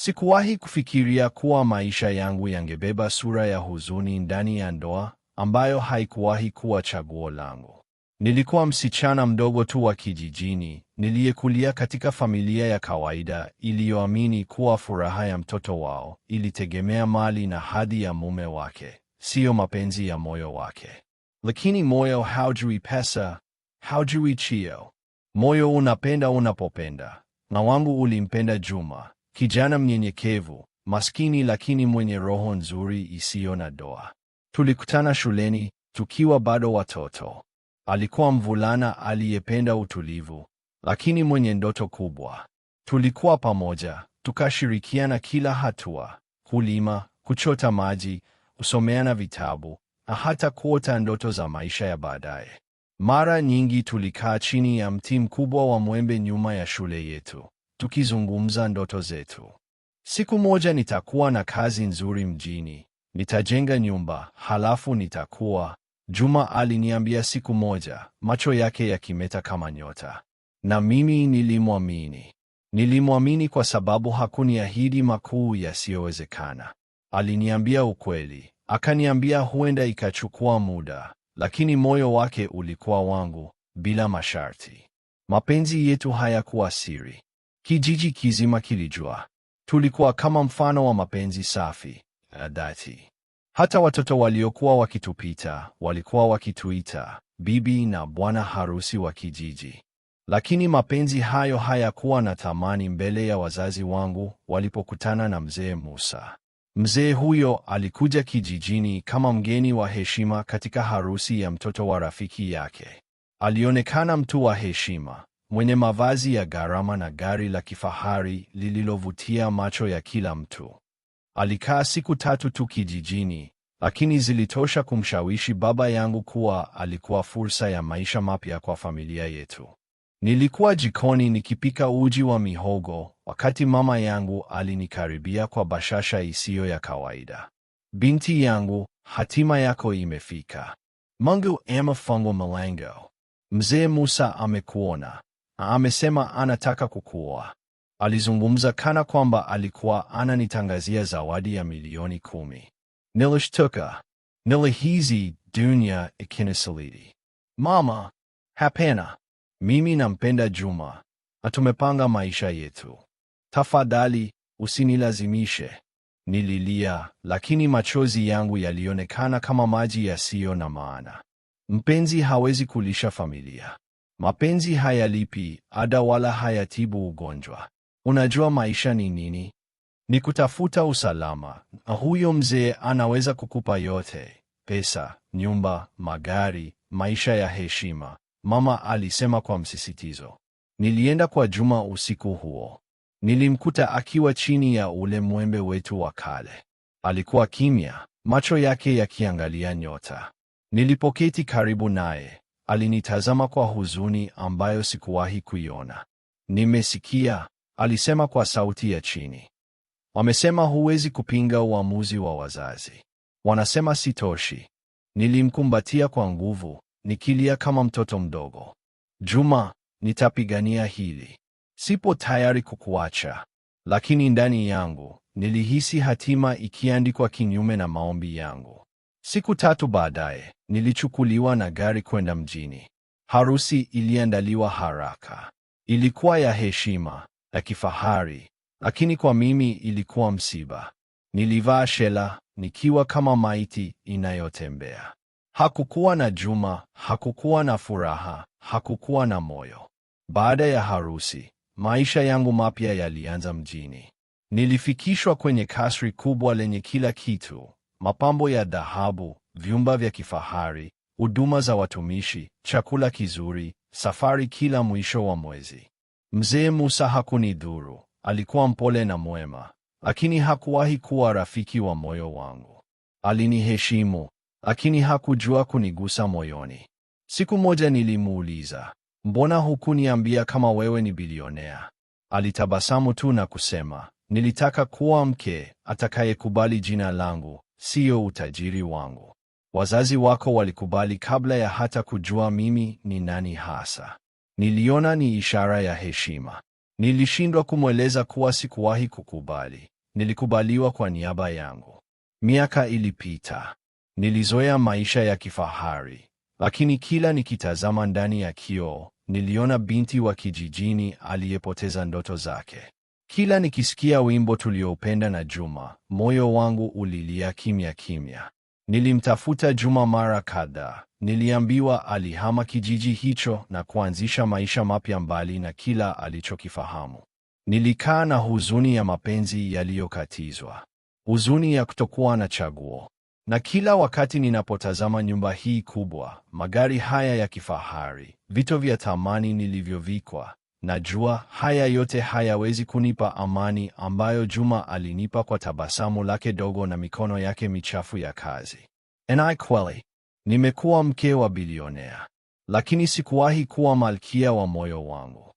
Sikuwahi kufikiria kuwa maisha yangu yangebeba sura ya huzuni ndani ya ndoa ambayo haikuwahi kuwa chaguo langu. Nilikuwa msichana mdogo tu wa kijijini niliyekulia katika familia ya kawaida iliyoamini kuwa furaha ya mtoto wao ilitegemea mali na hadhi ya mume wake, siyo mapenzi ya moyo wake. Lakini moyo haujui pesa, haujui cheo. Moyo unapenda unapopenda, na wangu ulimpenda Juma kijana mnyenyekevu, maskini lakini mwenye roho nzuri isiyo na doa. Tulikutana shuleni tukiwa bado watoto. Alikuwa mvulana aliyependa utulivu, lakini mwenye ndoto kubwa. Tulikuwa pamoja, tukashirikiana kila hatua, kulima, kuchota maji, kusomeana vitabu na hata kuota ndoto za maisha ya baadaye. Mara nyingi tulikaa chini ya mti mkubwa wa mwembe nyuma ya shule yetu, tukizungumza ndoto zetu. Siku moja nitakuwa na kazi nzuri mjini, nitajenga nyumba, halafu nitakuwa... Juma aliniambia siku moja, macho yake yakimeta kama nyota, na mimi nilimwamini. Nilimwamini kwa sababu hakuniahidi makuu yasiyowezekana. Aliniambia ukweli, akaniambia huenda ikachukua muda, lakini moyo wake ulikuwa wangu bila masharti. Mapenzi yetu hayakuwa siri, Kijiji kizima kilijua. Tulikuwa kama mfano wa mapenzi safi na dhati. Hata watoto waliokuwa wakitupita walikuwa wakituita bibi na bwana harusi wa kijiji. Lakini mapenzi hayo hayakuwa na thamani mbele ya wazazi wangu walipokutana na mzee Musa. Mzee huyo alikuja kijijini kama mgeni wa heshima katika harusi ya mtoto wa rafiki yake. Alionekana mtu wa heshima, mwenye mavazi ya gharama na gari la kifahari lililovutia macho ya kila mtu. Alikaa siku tatu tu kijijini, lakini zilitosha kumshawishi baba yangu kuwa alikuwa fursa ya maisha mapya kwa familia yetu. Nilikuwa jikoni nikipika uji wa mihogo wakati mama yangu alinikaribia kwa bashasha isiyo ya kawaida. Binti yangu, hatima yako imefika. Mungu amefunga mlango. Mzee Musa amekuona amesema anataka kukuoa. Alizungumza kana kwamba alikuwa ananitangazia zawadi ya milioni kumi. Nilishtuka, nilihisi dunia ikinisaliti. Mama, hapana, mimi nampenda Juma na tumepanga maisha yetu, tafadhali usinilazimishe. Nililia, lakini machozi yangu yalionekana kama maji yasiyo na maana. Mpenzi hawezi kulisha familia. Mapenzi hayalipi ada wala hayatibu ugonjwa. Unajua maisha ni nini? Ni kutafuta usalama, na huyo mzee anaweza kukupa yote: pesa, nyumba, magari, maisha ya heshima, mama alisema kwa msisitizo. Nilienda kwa Juma usiku huo. Nilimkuta akiwa chini ya ule mwembe wetu wa kale. Alikuwa kimya, macho yake yakiangalia nyota. Nilipoketi karibu naye, Alinitazama kwa huzuni ambayo sikuwahi kuiona. Nimesikia, alisema kwa sauti ya chini. Wamesema huwezi kupinga uamuzi wa wazazi. Wanasema sitoshi. Nilimkumbatia kwa nguvu, nikilia kama mtoto mdogo. Juma, nitapigania hili. Sipo tayari kukuacha. Lakini ndani yangu nilihisi hatima ikiandikwa kinyume na maombi yangu. Siku tatu baadaye, nilichukuliwa na gari kwenda mjini. Harusi iliandaliwa haraka. Ilikuwa ya heshima, ya kifahari, lakini kwa mimi ilikuwa msiba. Nilivaa shela, nikiwa kama maiti inayotembea. Hakukuwa na Juma, hakukuwa na furaha, hakukuwa na moyo. Baada ya harusi, maisha yangu mapya yalianza mjini. Nilifikishwa kwenye kasri kubwa lenye kila kitu, mapambo ya dhahabu, vyumba vya kifahari, huduma za watumishi, chakula kizuri, safari kila mwisho wa mwezi. Mzee Musa hakunidhuru, alikuwa mpole na mwema, lakini hakuwahi kuwa rafiki wa moyo wangu. Aliniheshimu, lakini hakujua kunigusa moyoni. Siku moja nilimuuliza, mbona hukuniambia kama wewe ni bilionea? Alitabasamu tu na kusema, nilitaka kuwa mke atakayekubali jina langu, siyo utajiri wangu. Wazazi wako walikubali kabla ya hata kujua mimi ni nani hasa. Niliona ni ishara ya heshima. Nilishindwa kumweleza kuwa sikuwahi kukubali. Nilikubaliwa kwa niaba yangu. Miaka ilipita. Nilizoea maisha ya kifahari, lakini kila nikitazama ndani ya kioo, niliona binti wa kijijini aliyepoteza ndoto zake. Kila nikisikia wimbo tulioupenda na Juma, moyo wangu ulilia kimya kimya. Nilimtafuta Juma mara kadhaa, niliambiwa alihama kijiji hicho na kuanzisha maisha mapya mbali na kila alichokifahamu. Nilikaa na huzuni ya mapenzi yaliyokatizwa, huzuni ya kutokuwa na chaguo. Na kila wakati ninapotazama nyumba hii kubwa, magari haya ya kifahari, vito vya thamani nilivyovikwa, Najua haya yote hayawezi kunipa amani ambayo Juma alinipa kwa tabasamu lake dogo na mikono yake michafu ya kazi. Ni kweli, nimekuwa mke wa bilionea, lakini sikuwahi kuwa malkia wa moyo wangu.